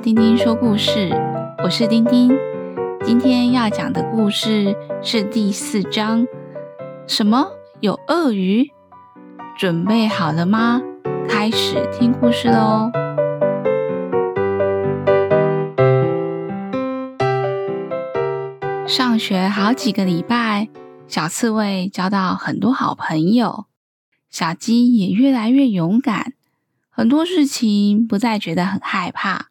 丁丁說故事，我是丁丁。今天要講的故事是第四章。什麼？有鱷魚？準備好了嗎？開始聽故事嘍！上學好幾個禮拜，小刺蝟交到很多好朋友，小雞也越來越勇敢，很多事情不再覺得很害怕。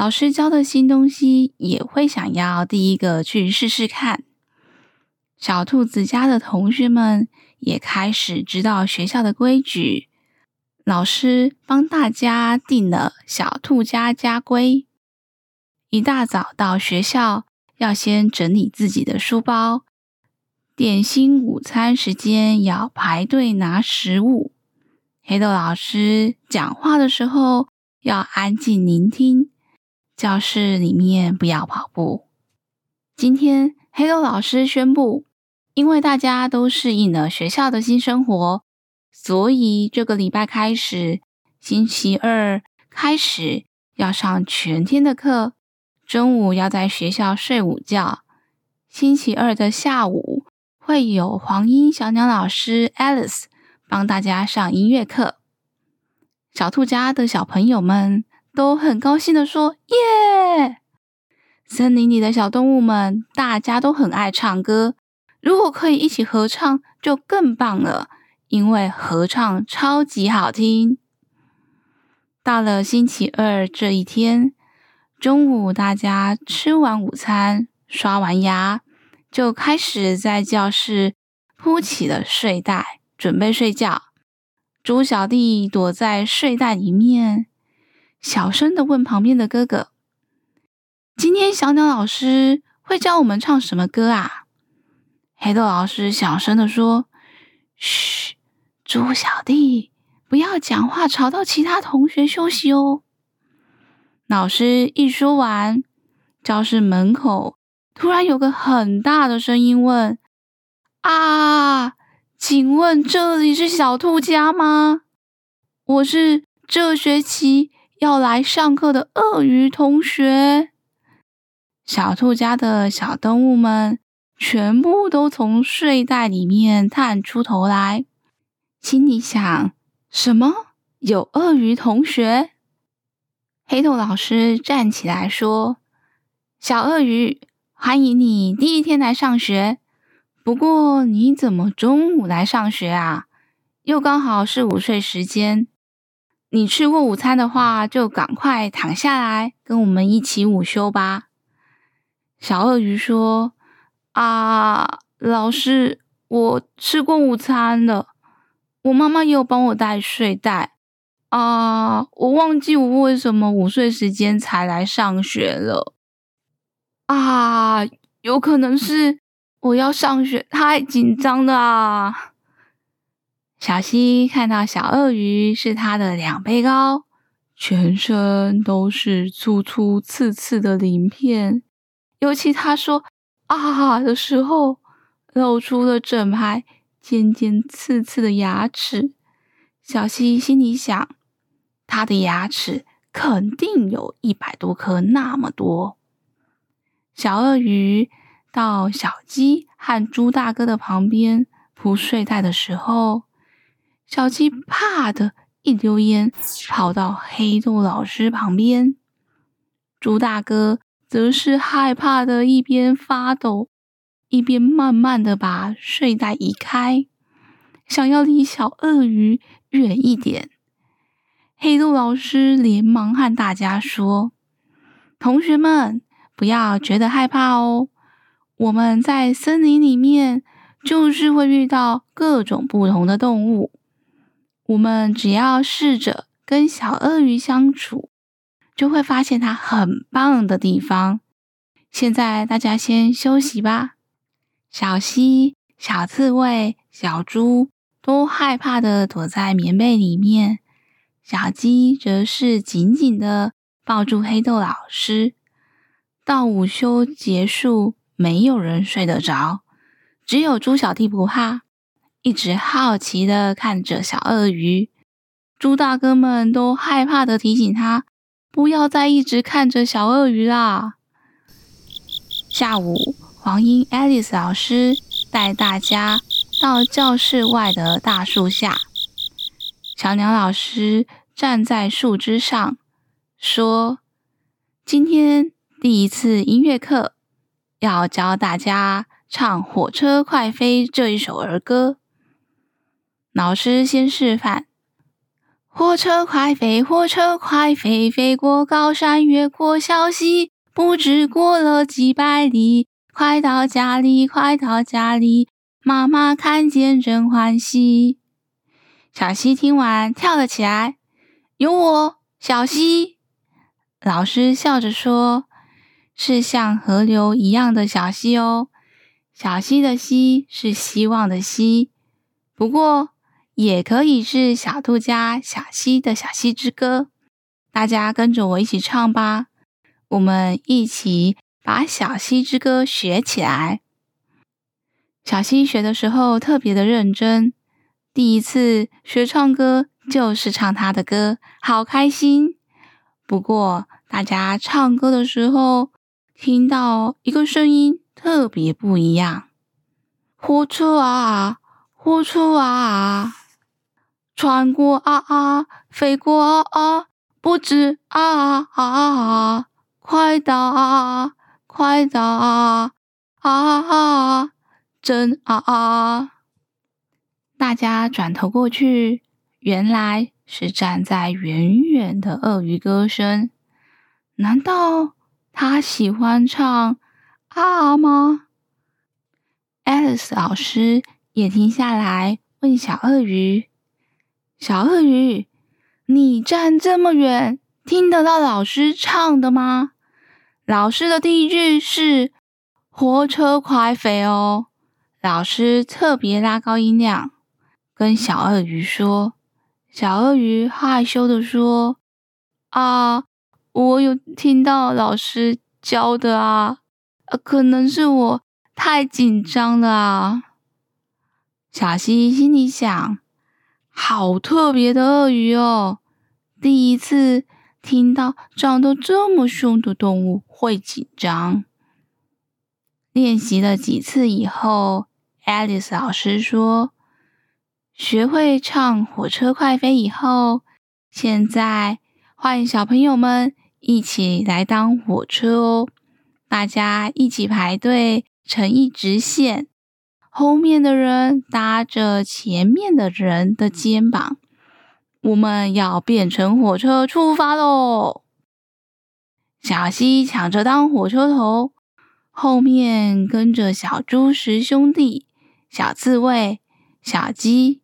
老師教的新東西也會想要第一個去試試看。小兔子家的同學們也開始知道學校的規矩。老師幫大家定了小兔家家規：一大早到學校要先整理自己的書包，點心午餐時間要排隊拿食物，黑豆老師講話的時候要安靜聆聽。教室裡面不要跑步。今天黑豆老師宣佈，因為大家都適應了學校的新生活，所以這個禮拜開始，星期二開始要上全天的課，中午要在學校睡午覺。星期二的下午會有黃鶯小鳥老師 Alice 幫大家上音樂課。小兔家的小朋友們。都很高興的說：“耶！”森林裡的小動物們，大家都很愛唱歌。如果可以一起合唱，就更棒了，因為合唱超級好聽。到了星期二這一天，中午大家吃完午餐、刷完牙，就開始在教室鋪起了睡袋，準備睡覺。豬小弟躲在睡袋裡面。小聲的問旁邊的哥哥：“今天小鳥老師會教我們唱什麼歌啊？”黑豆老師小聲的說：“噓，豬小弟，不要講話，吵到其他同學休息哦。”老師一說完，教室門口突然有個很大的聲音問：“啊，請問這裡是小兔家嗎？我是這學期。”要來上課的鱷魚同學，小兔家的小動物們全部都從睡袋裡面探出頭來，心裡想：什麼？有鱷魚同學？黑豆老師站起來說：“小鱷魚，歡迎你第一天來上學。不過你怎麼中午來上學啊？又剛好是午睡時間。”你吃過午餐的話，就趕快躺下來，跟我們一起午休吧。小鱷魚說：“啊，老師，我吃過午餐了，我媽媽也有幫我帶睡袋啊。我忘記我為什麼午睡時間才來上學了啊，有可能是我要上學太緊張了啊。”小溪看到小鱷魚是它的兩倍高，全身都是粗粗刺刺的鱗片，尤其他說“啊”的時候，露出了整排尖尖刺刺的牙齒。小溪心裡想，它的牙齒肯定有一百多顆那麼多。小鱷魚到小雞和豬大哥的旁邊鋪睡袋的時候。小雞怕的一溜煙跑到黑豆老師旁邊，豬大哥則是害怕的一邊發抖，一邊慢慢的把睡袋移開，想要離小鱷魚遠一點。黑豆老師連忙和大家說：“同學們，不要覺得害怕哦，我們在森林裡面就是會遇到各種不同的動物。”我們只要試着跟小鱷魚相處，就會發現它很棒的地方。現在大家先休息吧。小溪、小刺蝟、小豬都害怕的躲在棉被裡面，小雞則是緊緊的抱住黑豆老師。到午休結束，沒有人睡得着，只有豬小弟不怕。一直好奇的看着小鱷魚，豬大哥們都害怕的提醒他，不要再一直看着小鱷魚啦。下午，黃鶯 Alice 老師帶大家到教室外的大樹下，小鳥老師站在樹枝上說：“今天第一次音樂課，要教大家唱《火車快飛》這一首兒歌。”老師先示範：“火車快飛，火車快飛，飛過高山，越過小溪，不知過了幾百里，快到家裡，快到家裡，媽媽看見真歡喜。”小溪聽完跳了起來：“有我，小溪！”老師笑着說：“是像河流一樣的小溪哦，小溪的溪是希望的希。”不過，也可以是小兔家小溪的小溪之歌，大家跟着我一起唱吧。我們一起把小溪之歌學起來。小溪學的時候特別的認真，第一次學唱歌就是唱他的歌，好開心。不過大家唱歌的時候聽到一個聲音特別不一樣，呼出啊啊，呼出啊啊。穿過啊啊，飛過啊啊，不知啊啊啊,啊啊啊啊，快到啊啊，快到啊啊,啊啊啊啊，真啊啊！大家轉頭過去，原來是站在遠遠的鱷魚歌聲。難道他喜歡唱啊,啊嗎？Alice 老師也停下來問小鱷魚。小鱷魚，你站這麼遠，聽得到老師唱的嗎？老師的第一句是“火車快飛哦”，老師特別拉高音量，跟小鱷魚說。小鱷魚害羞的說：“啊，我有聽到老師教的啊，啊，可能是我太緊張了啊。”小溪心裡想。好特別的鱷魚哦！第一次聽到長得這麼兇的動物，會緊張。練習了幾次以後，Alice 老師說：“學會唱《火車快飛》以後，現在歡迎小朋友們一起來當火車哦！大家一起排隊，成一直線。”後面的人搭着前面的人的肩膀，我們要變成火車出發嘍！小溪搶着當火車頭，後面跟着小豬十兄弟、小刺蝟、小雞、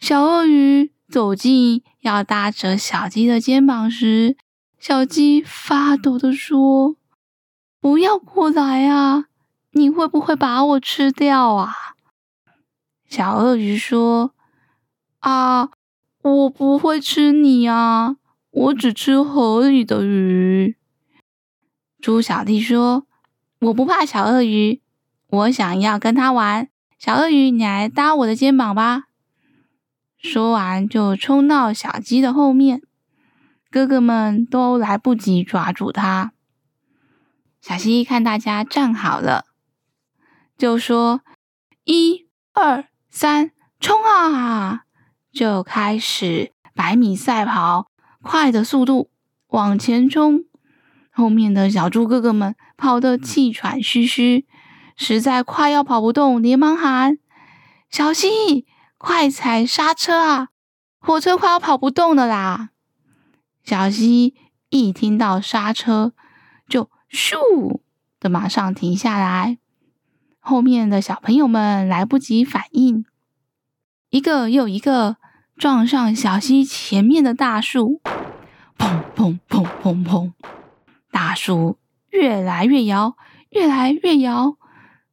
小鱷魚走近要搭着小雞的肩膀時，小雞發抖地說：“不要過來啊！”你會不會把我吃掉啊？小鱷魚說：“啊，我不會吃你啊，我只吃河裡的魚。”豬小弟說：“我不怕小鱷魚，我想要跟他玩。小鱷魚，你來搭我的肩膀吧！”說完就衝到小雞的後面，哥哥們都來不及抓住他。小雞看大家站好了。就說：“一二三，衝啊！”就開始百米賽跑，快的速度往前衝。後面的小豬哥哥們跑得氣喘吁吁，實在快要跑不動，連忙喊：“小溪，快踩剎車啊！火車快要跑不動了啦！”小溪一聽到剎車，就咻的馬上停下來。後面的小朋友們來不及反應，一個又一個撞上小溪前面的大樹，砰砰砰砰砰！大樹越來越搖，越來越搖，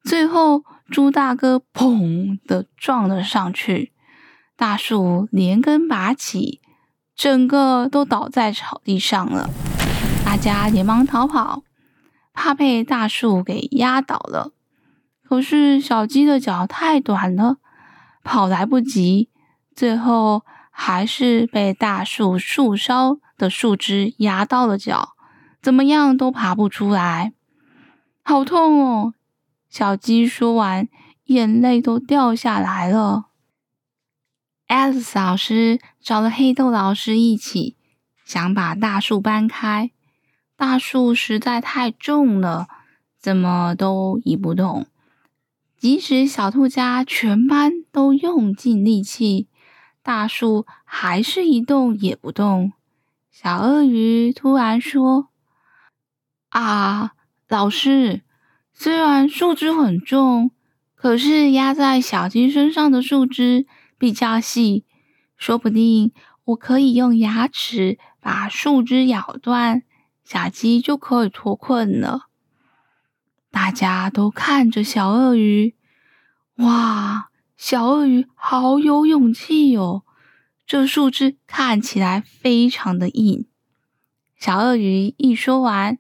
最後豬大哥砰的撞了上去，大樹連根拔起，整個都倒在草地上了。大家連忙逃跑，怕被大樹給壓倒了。可是小雞的腳太短了，跑來不及，最後還是被大樹樹梢的樹枝壓到了腳，怎麼樣都爬不出來，好痛哦！小雞說完，眼淚都掉下來了。Alice 老師找了黑豆老師一起，想把大樹搬開，大樹實在太重了，怎麼都移不動。即使小兔家全班都用盡力氣，大樹還是一動也不動。小鱷魚突然說：“啊，老師，雖然樹枝很重，可是壓在小雞身上的樹枝比較細，說不定我可以用牙齒把樹枝咬斷，小雞就可以脫困了。”大家都看着小鱷魚，哇，小鱷魚好有勇氣哦！這樹枝看起來非常的硬。小鱷魚一說完，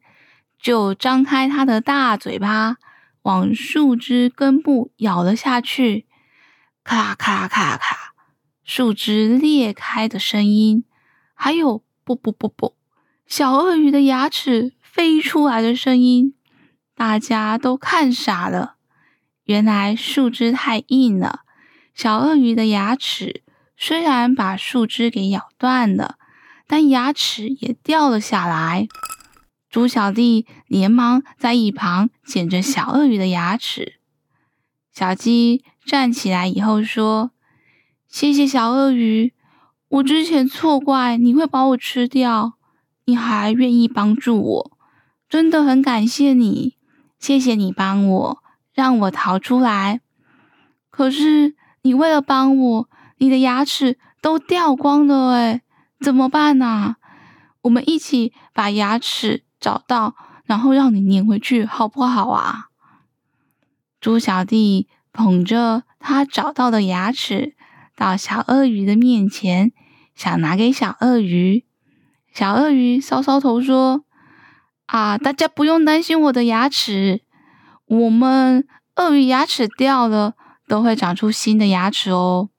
就張開它的大嘴巴，往樹枝根部咬了下去，咔咔咔咔咔咔，樹枝裂開的聲音，還有，不不不不，小鱷魚的牙齒飛出來的聲音。大家都看傻了。原來樹枝太硬了，小鱷魚的牙齒雖然把樹枝給咬斷了，但牙齒也掉了下來。豬小弟連忙在一旁撿着小鱷魚的牙齒。小雞站起來以後說：“謝謝小鱷魚，我之前錯怪你會把我吃掉，你還願意幫助我，真的很感謝你。”謝謝你幫我，讓我逃出來。可是你為了幫我，你的牙齒都掉光了哎，怎麼辦呢？我們一起把牙齒找到，然後讓你粘回去，好不好啊？豬小弟捧着他找到的牙齒到小鱷魚的面前，想拿給小鱷魚。小鱷魚搔搔頭說。啊，大家不用擔心我的牙齒。我們鱷魚牙齒掉了，都會長出新的牙齒哦。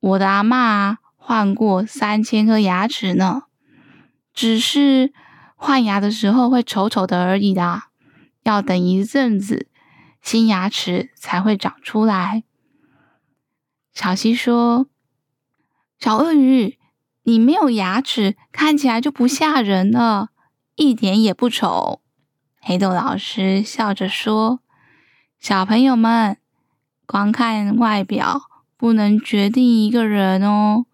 我的阿嬤換過三千顆牙齒呢，只是換牙的時候會醜醜的而已的，要等一陣子，新牙齒才會長出來。小溪說：“小鱷魚，你沒有牙齒，看起來就不嚇人了。”一點也不醜，黑豆老師笑着說：“小朋友們，光看外表不能決定一個人哦。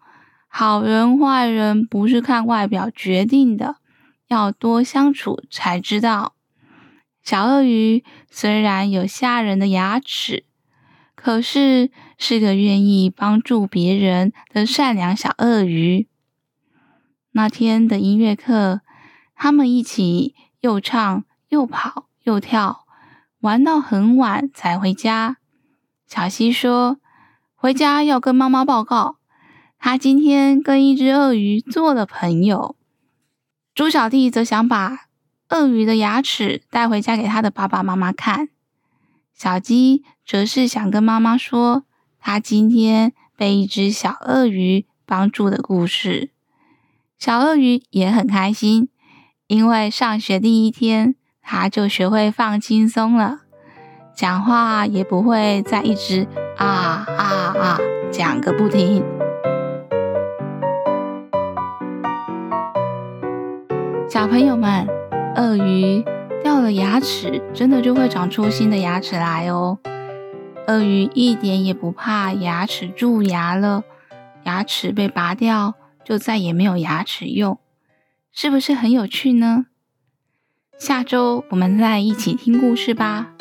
好人壞人不是看外表決定的，要多相處才知道。”小鱷魚雖然有嚇人的牙齒，可是是個願意幫助別人的善良小鱷魚。那天的音樂課。他們一起又唱又跑又跳，玩到很晚才回家。小西說：“回家要跟媽媽報告，他今天跟一隻鱷魚做了朋友。”豬小弟則想把鱷魚的牙齒帶回家給他的爸爸媽媽看。小雞則是想跟媽媽說，他今天被一隻小鱷魚幫助的故事。小鱷魚也很開心。因為上學第一天，他就學會放輕鬆了，講話也不會再一直啊啊啊講個不停。小朋友們，鱷魚掉了牙齒，真的就會長出新的牙齒來哦。鱷魚一點也不怕牙齒蛀牙了，牙齒被拔掉就再也沒有牙齒用。是不是很有趣呢？下週我們再一起聽故事吧。